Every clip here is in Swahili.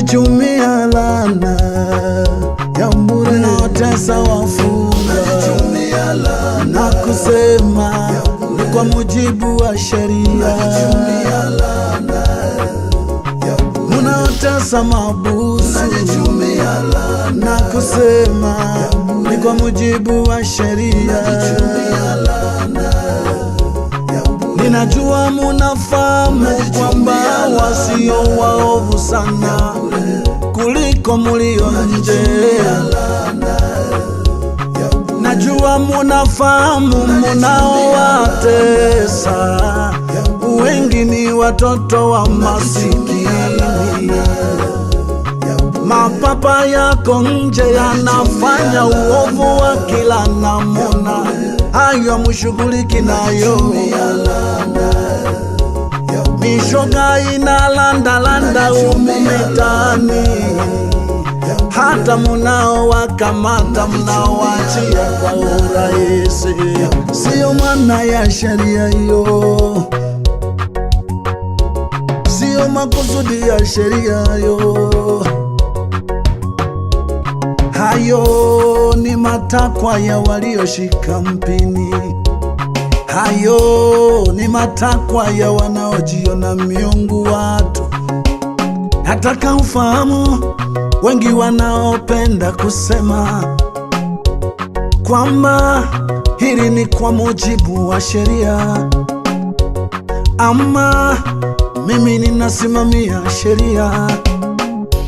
Najichumia lana ya mburi naotesa wafunga na kusema ni kwa mujibu wa sheria munaotesa mabusu na kusema ni kwa mujibu wa sheria Ninajua munafahamu kwamba wasio waovu sana kuliko mulio nje. Najua munafahamu munaowatesa wengi ni watoto wa masikini. Mapapa yako nje yanafanya uovu wa kila namna, hayo mushughuliki nayo mishoga inalandalanda umu mitaani, hata munaowakamata mnaoachia kwa urahisi. Sio maana ya sheria hiyo, sio makusudi ya sheria hiyo. Hayo ni matakwa ya walioshika mpini. Hayo ni matakwa ya wanaojiona miungu watu. Nataka ufahamu wengi wanaopenda kusema kwamba hili ni kwa mujibu wa sheria, ama mimi ninasimamia sheria.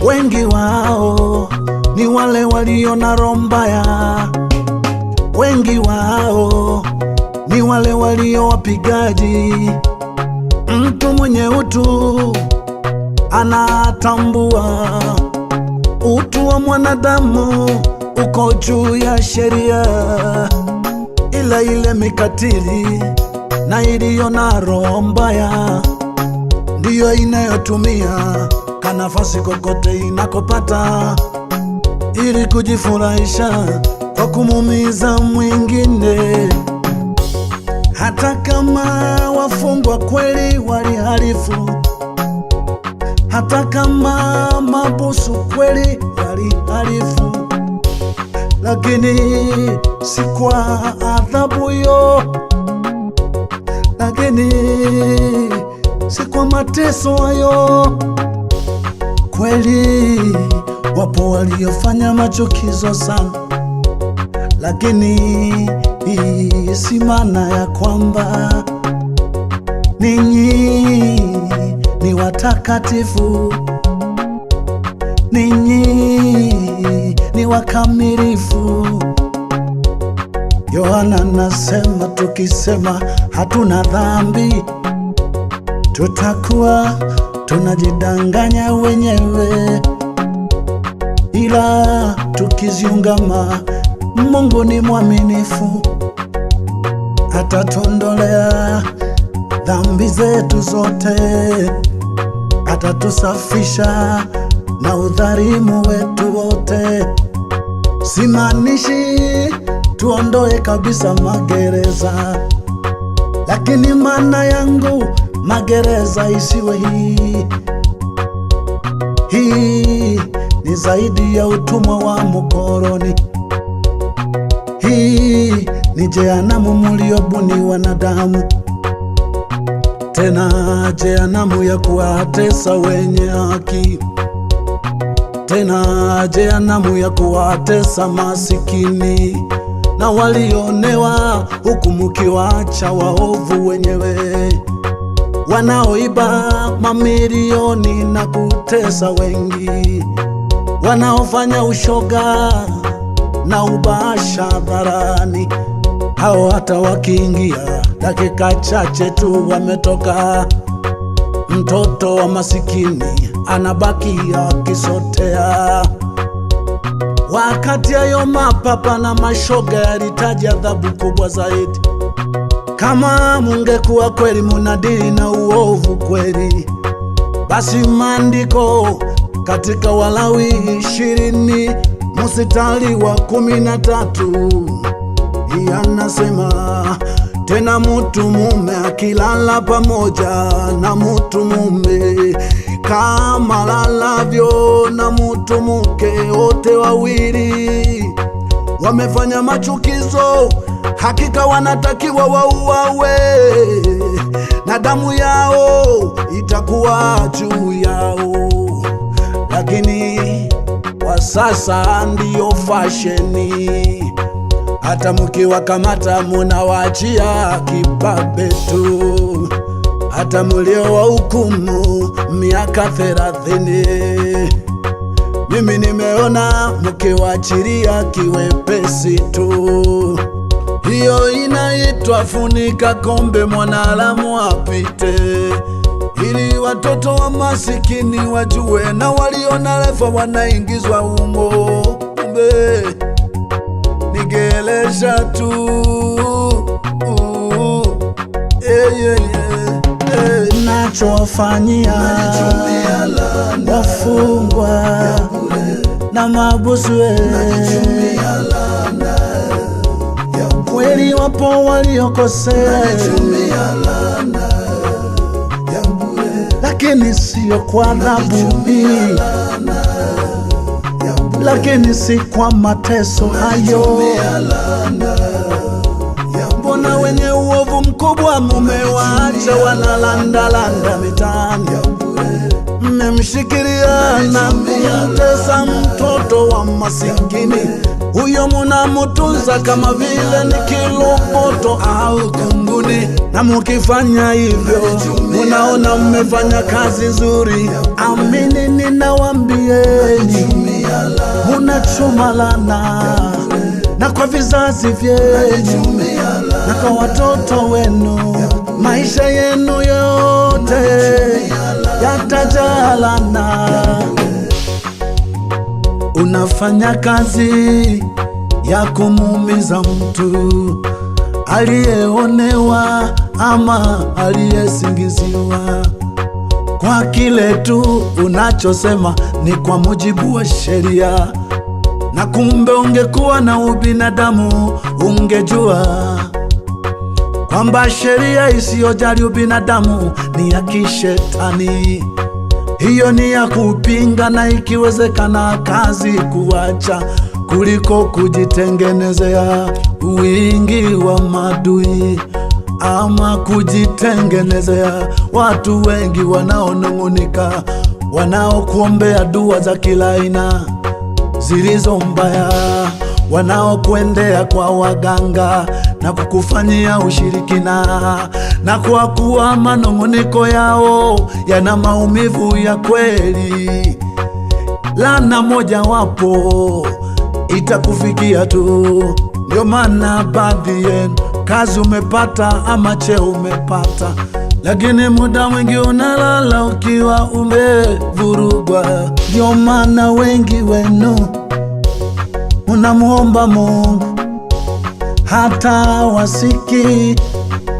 Wengi wao ni wale walio na roho mbaya, wengi wao ni wale walio wapigaji. Mtu mwenye utu anatambua utu wa mwanadamu uko juu ya sheria, ila ile mikatili na iliyo na roho mbaya ndiyo inayotumia kanafasi kokote inakopata ili kujifurahisha kwa kumumiza mwingine hata kama wafungwa kweli harifu hata kama mabusu kweli yalihalifu, lakini si kwa adhabu yo, lakini si kwa mateso hayo. Kweli wapo waliofanya machukizo sana lakini hii si maana ya kwamba ninyi ni watakatifu, ninyi ni wakamilifu. Yohana nasema tukisema hatuna dhambi tutakuwa tunajidanganya wenyewe, ila tukiziungama Mungu ni mwaminifu, atatuondolea dhambi zetu zote, atatusafisha na udhalimu wetu wote. Simaanishi tuondoe kabisa magereza, lakini maana yangu magereza isiwe hii hii, ni zaidi ya utumwa wa mkoloni ni jehanamu muliobuniwa na damu, tena jehanamu ya kuwatesa wenye haki, tena jehanamu ya kuwatesa masikini na walionewa, huku mukiwacha waovu wenyewe wanaoiba mamilioni na kutesa wengi, wanaofanya ushoga na ubasha barani hao hata wakiingia dakika chache tu wametoka. Mtoto wa masikini anabakia akisotea. Wakati ayo mapapa na mashoga yalitaja adhabu kubwa zaidi. Kama mungekuwa kweli munadili na uovu kweli, basi maandiko katika Walawi ishirini mstari wa kumi na tatu nasema tena, mutu mume akilala pamoja na mutu mume kama lalavyo na mutu mke, wote wawili wamefanya machukizo, hakika wanatakiwa wauawe na damu yao itakuwa juu yao, lakini kwa sasa ndiyo fasheni hata mukiwakamata munawachia kibabe tu, hata mulio wa hukumu miaka thelathini. Mimi nimeona mukiwachilia kiwepesi tu, hiyo inaitwa funika kombe mwanadamu apite, ili watoto wa masikini wajue na walio na wanaingizwa umo kuongelesha tu Nachofanyia wafungwa na mabuswe kweli, wapo waliokosea lakini sio kwa adhabu hii lakini si kwa mateso hayo. Mbona wenye uovu mkubwa mumewaacha wanalandalanda mitaani, mmemshikiria na kumtesa mtoto wa masikini huyo munamutunza kama vile ni kiloboto au kambuni, na mukifanya hivyo munaona mmefanya kazi nzuri. Amini ninawambieni, munachumalana na kwa vizazi vyenu na kwa watoto wenu, maisha yenu yote yatajalana unafanya kazi ya kumuumiza mtu aliyeonewa ama aliyesingiziwa kwa kile tu unachosema ni kwa mujibu wa sheria, na kumbe ungekuwa na ubinadamu ungejua kwamba sheria isiyojali ubinadamu ni ya kishetani hiyo ni ya kupinga na ikiwezekana kazi kuwacha kuliko kujitengenezea wingi wa madui ama kujitengenezea watu wengi wanaonung'unika, wanaokuombea dua za kila aina zilizo mbaya wanaokuendea kwa waganga na kukufanyia ushirikina, na kwa kuwa manong'oniko yao yana maumivu ya kweli, moja mojawapo itakufikia tu. Ndio maana baadhi yenu kazi umepata ama cheo umepata, lakini muda mwingi unalala ukiwa umevurugwa. Ndio maana wengi wenu unamuomba Mungu hata wasiki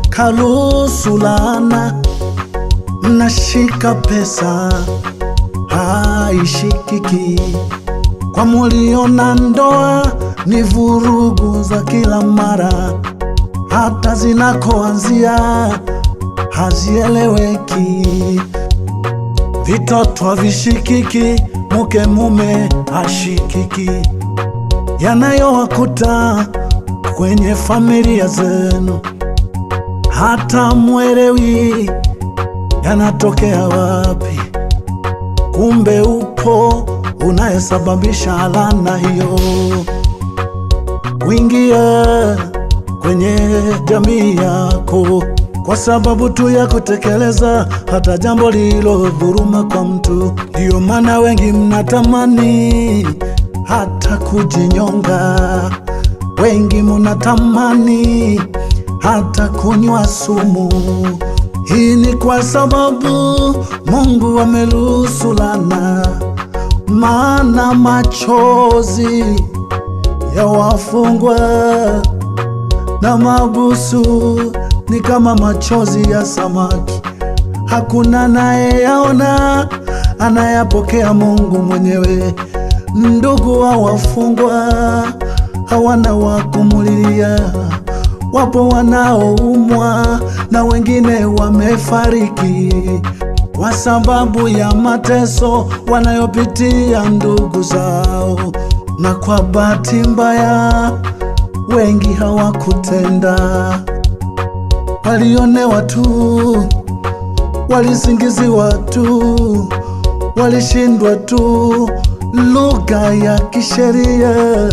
kalusulana, mnashika pesa haishikiki. Kwa muliona ndoa ni vurugu za kila mara, hata zinakoanzia hazieleweki. Vitoto vishikiki mke mume ashikiki yanayowakuta kwenye familia zenu, hata mwelewi yanatokea wapi. Kumbe upo unayesababisha laana hiyo kuingia kwenye jamii yako kwa sababu tu ya kutekeleza hata jambo lilo dhuruma kwa mtu. Ndiyo maana wengi mnatamani hata kujinyonga, wengi munatamani hata kunywa sumu. Hii ni kwa sababu Mungu ameruhusu laana, maana machozi ya wafungwa na mabusu ni kama machozi ya samaki, hakuna yaona, anayapokea Mungu mwenyewe. Ndugu wa wafungwa hawana wa kumulilia, wapo wanaoumwa na wengine wamefariki kwa sababu ya mateso wanayopitia ndugu zao, na kwa bahati mbaya wengi hawakutenda, walionewa tu, walisingiziwa tu, walishindwa tu lugha ya kisheria.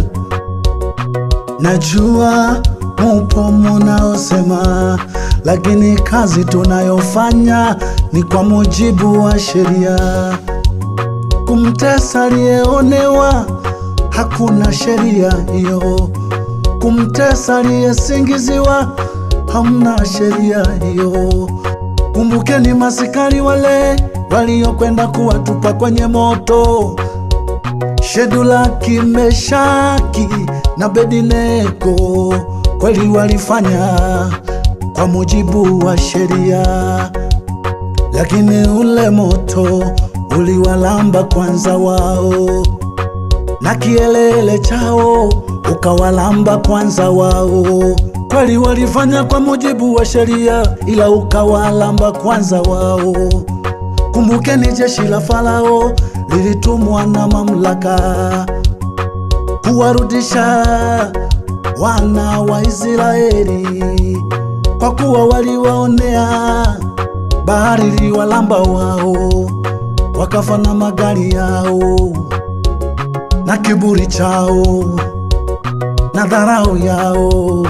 Najua mupo munaosema, lakini kazi tunayofanya ni kwa mujibu wa sheria. Kumtesa aliyeonewa hakuna sheria hiyo. Kumtesa aliyesingiziwa hamna sheria hiyo. Kumbukeni masikari wale waliokwenda kuwatupa kwenye moto shedula kimeshaki na Bedineko kweli walifanya kwa mujibu wa sheria, lakini ule moto uliwalamba kwanza wao, na kielele chao ukawalamba kwanza wao. Kweli walifanya kwa mujibu wa sheria, ila ukawalamba kwanza wao. Kumbukeni jeshi la Farao lilitumwa na mamlaka kuwarudisha wana wa Israeli, kwa kuwa waliwaonea, bahari liwalamba wao, wakafa na magari yao na kiburi chao na dharau yao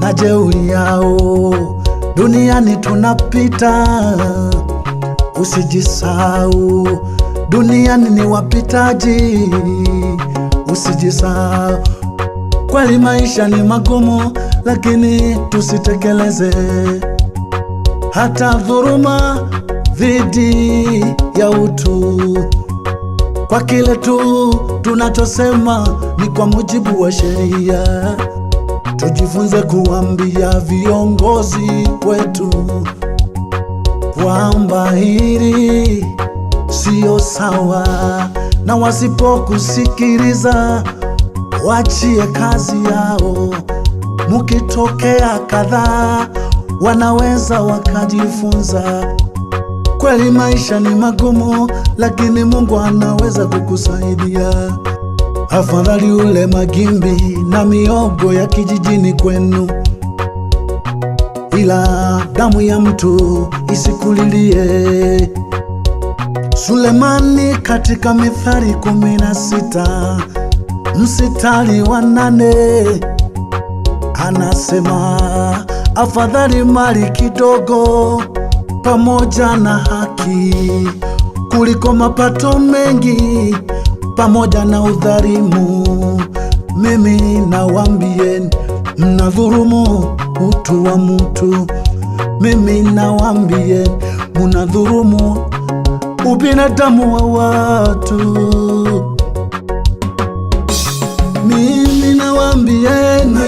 na jeuri yao. Duniani tunapita Usijisau, duniani ni wapitaji. Usijisau, kweli maisha ni magumu, lakini tusitekeleze hata dhuruma dhidi ya utu kwa kile tu tunachosema ni kwa mujibu wa sheria. Tujifunze kuambia viongozi wetu kwamba hili siyo sawa, na wasipokusikiliza wachie kazi yao. Mukitokea kadhaa, wanaweza wakajifunza. Kweli maisha ni magumu, lakini Mungu anaweza kukusaidia. Afadhali ule magimbi na miogo ya kijijini kwenu bila damu ya mtu isikulilie. Sulemani katika Mithali kumi na sita msitari wa nane anasema afadhali mali kidogo pamoja na haki kuliko mapato mengi pamoja na udhalimu. Mimi wambien mnadhulumu utu wa mutu. Mimi nawambie munadhurumu ubinadamu wa watu. Mimi nawambieni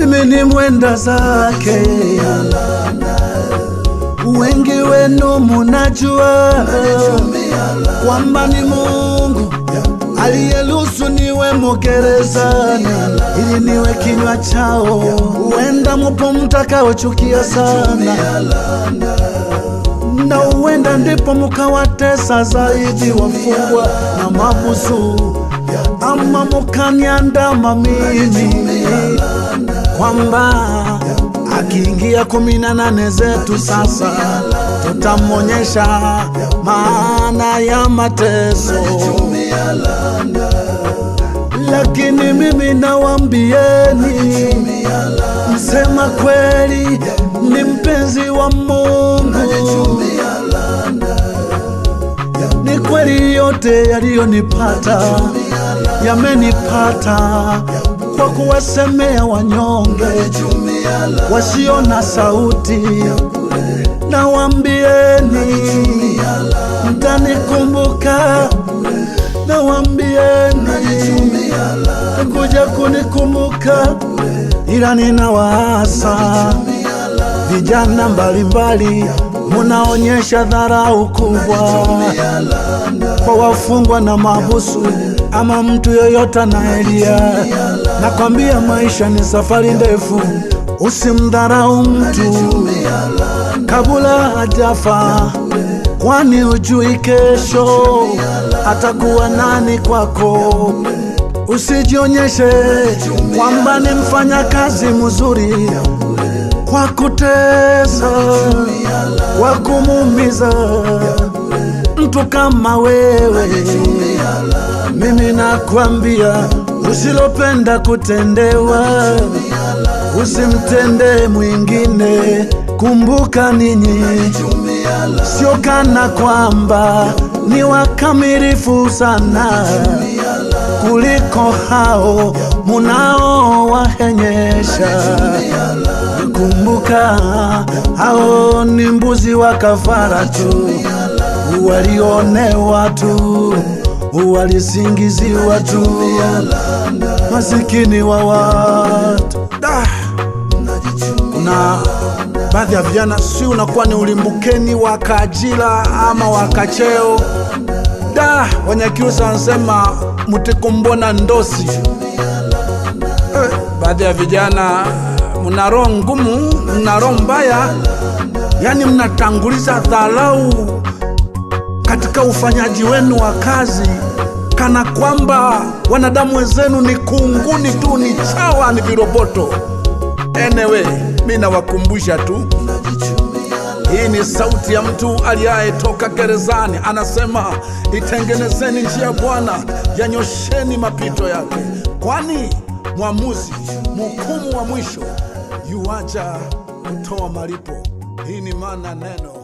mimi ni mwenda zake. Wengi wenu munajua kwamba ni aliyelusu niwe gerezani, ili niwe kinywa chao. Huenda mupo mtakaochukia sana, na huenda ndipo mukawatesa zaidi wafungwa na mabusu, ama mukaniandama mimi kwamba akiingia kumi na nane zetu sasa tutamwonyesha maana ya mateso lakini mimi nawambieni, msema kweli ni mpenzi wa Mungu. Ni kweli yote yaliyonipata yamenipata kwa kuwasemea wanyonge wasio na sauti. Nawambieni mtanikumbuka na kuja kunikumbuka, ila nina waasa vijana mbalimbali munaonyesha dharau kubwa kwa wafungwa na mahabusu ama mtu yoyote na Nakwambia maisha ni safari ndefu, usimdharau mtu kabula hajafa kwani ujui kesho atakuwa nani kwako. Usijionyeshe kwamba ni mfanya kazi mzuri kwa kutesa, kwa kumuumiza mtu kama wewe. Mimi nakwambia usilopenda kutendewa usimtende mwingine. Kumbuka ninyi sio kana kwamba ni wakamilifu sana kuliko hao munaowahenyesha. Kumbuka hao ni mbuzi wa kafara tu, walionewa tu, walisingiziwa tu, masikini wa watu na baadhi ya vijana, si unakuwa ni ulimbukeni wa kaajira ama wa kacheo. Da, Wanyakyusa wanasema mutikumbona ndosi. Eh, baadhi ya vijana mna roho ngumu, mna roho mbaya, yaani mnatanguliza dharau katika ufanyaji wenu wa kazi, kana kwamba wanadamu wenzenu ni kunguni tu, ni chawa, ni viroboto. Anyway, mi nawakumbusha tu, hii ni sauti ya mtu aliyetoka gerezani, anasema itengenezeni njia ya Bwana, yanyosheni mapito yake, kwani mwamuzi mhukumu wa mwisho yuaja kutoa malipo. Hii ni maana neno